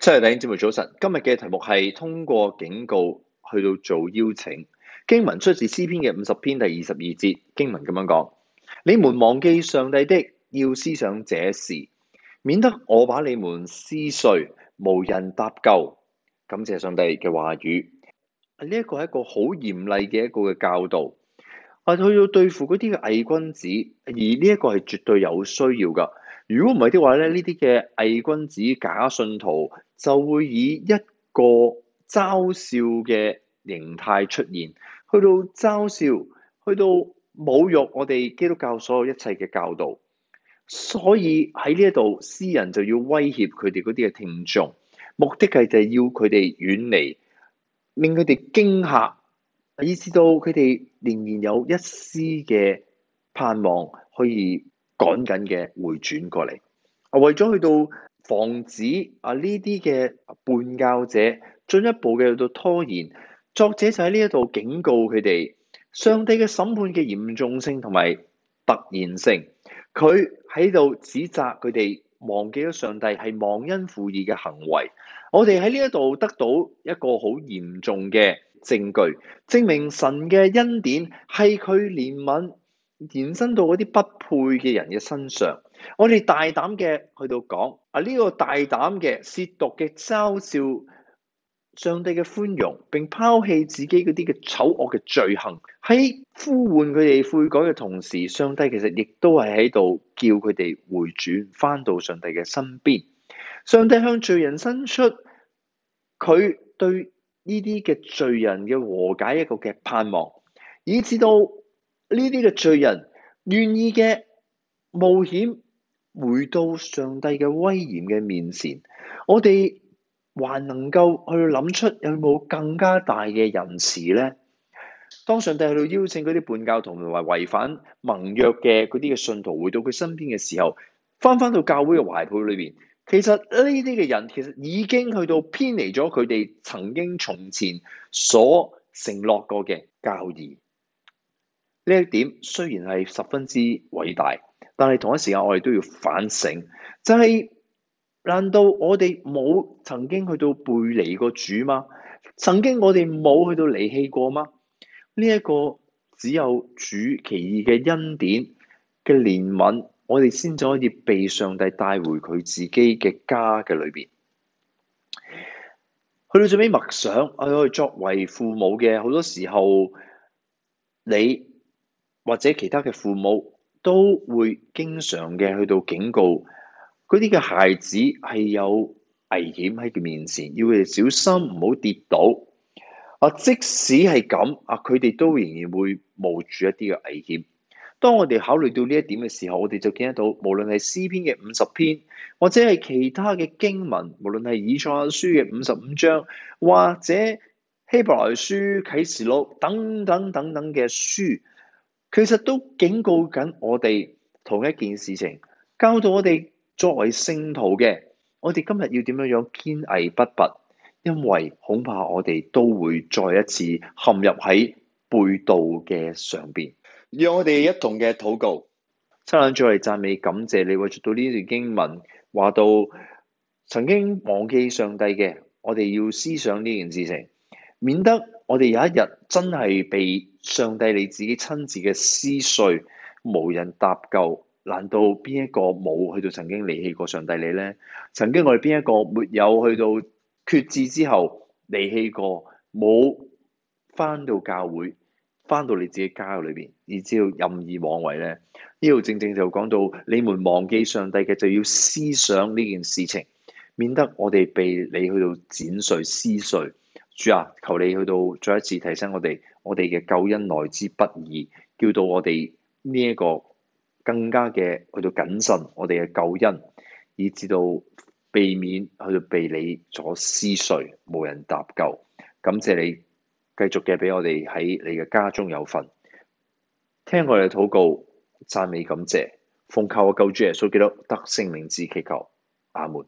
七日頂節目早晨，今日嘅題目係通過警告去到做邀請。經文出自詩篇嘅五十篇第二十二節，經文咁樣講：你們忘記上帝的，要思想這事，免得我把你們撕碎，無人搭救。感謝上帝嘅話語，呢、這個、一個係一個好嚴厲嘅一個嘅教導。係去到對付嗰啲嘅偽君子，而呢一個係絕對有需要㗎。如果唔係的話咧，呢啲嘅偽君子假信徒就會以一個嘲笑嘅形態出現，去到嘲笑，去到侮辱我哋基督教所有一切嘅教導。所以喺呢一度，詩人就要威脅佢哋嗰啲嘅聽眾，目的係就係要佢哋遠離，令佢哋驚嚇。以至到佢哋仍然有一絲嘅盼望，可以趕緊嘅回轉過嚟。啊，為咗去到防止啊呢啲嘅叛教者進一步嘅去到拖延，作者就喺呢一度警告佢哋，上帝嘅審判嘅嚴重性同埋突然性。佢喺度指責佢哋忘記咗上帝係忘恩負義嘅行為。我哋喺呢一度得到一個好嚴重嘅。證據證明神嘅恩典係佢憐憫延伸到嗰啲不配嘅人嘅身上。我哋大膽嘅去到講啊，呢個大膽嘅褻瀆嘅嘲笑上帝嘅寬容，並拋棄自己嗰啲嘅醜惡嘅罪行，喺呼喚佢哋悔改嘅同時，上帝其實亦都係喺度叫佢哋回轉翻到上帝嘅身邊。上帝向罪人伸出佢對。呢啲嘅罪人嘅和解一個嘅盼望，以至到呢啲嘅罪人願意嘅冒險回到上帝嘅威嚴嘅面前，我哋還能夠去諗出有冇更加大嘅仁慈咧？當上帝去到邀請嗰啲叛教徒同埋違反盟約嘅嗰啲嘅信徒回到佢身邊嘅時候，返返到教會嘅懷抱裏邊。其實呢啲嘅人其實已經去到偏離咗佢哋曾經從前所承諾過嘅教義。呢一點雖然係十分之偉大，但係同一時間我哋都要反省，就係、是、難道我哋冇曾經去到背離過主嗎？曾經我哋冇去到離棄過嗎？呢、這、一個只有主奇異嘅恩典嘅憐憫。我哋先就可以被上帝帶回佢自己嘅家嘅裏邊。去到最尾默想，啊，我哋作為父母嘅，好多時候你或者其他嘅父母都會經常嘅去到警告，嗰啲嘅孩子係有危險喺佢面前，要佢哋小心，唔好跌倒。啊，即使係咁，啊，佢哋都仍然會冒住一啲嘅危險。當我哋考慮到呢一點嘅時候，我哋就見得到，無論係詩篇嘅五十篇，或者係其他嘅經文，無論係以賽亞書嘅五十五章，或者希伯來書、啟示錄等等等等嘅書，其實都警告緊我哋同一件事情，教導我哋作為聖徒嘅，我哋今日要點樣樣堅毅不拔，因為恐怕我哋都會再一次陷入喺背道嘅上邊。讓我哋一同嘅禱告，差兩再嚟讚美感謝你。會讀到呢段經文，話到曾經忘記上帝嘅，我哋要思想呢件事情，免得我哋有一日真係被上帝你自己親自嘅撕碎，無人搭救。難道邊一個冇去到曾經離棄過上帝你咧？曾經我哋邊一個沒有去到決志之後離棄過，冇翻到教會？翻到你自己家裏邊，而知道任意妄為咧，呢度正正就講到你們忘記上帝嘅，就要思想呢件事情，免得我哋被你去到剪碎撕碎。主啊，求你去到再一次提醒我哋，我哋嘅救恩來之不易，叫到我哋呢一個更加嘅去到謹慎，我哋嘅救恩，以至到避免去到被你所撕碎，無人搭救。感謝你。繼續嘅畀我哋喺你嘅家中有份，聽我哋禱告、讚美、感謝、奉靠我救主耶穌基督得勝、聖名祈求，阿門。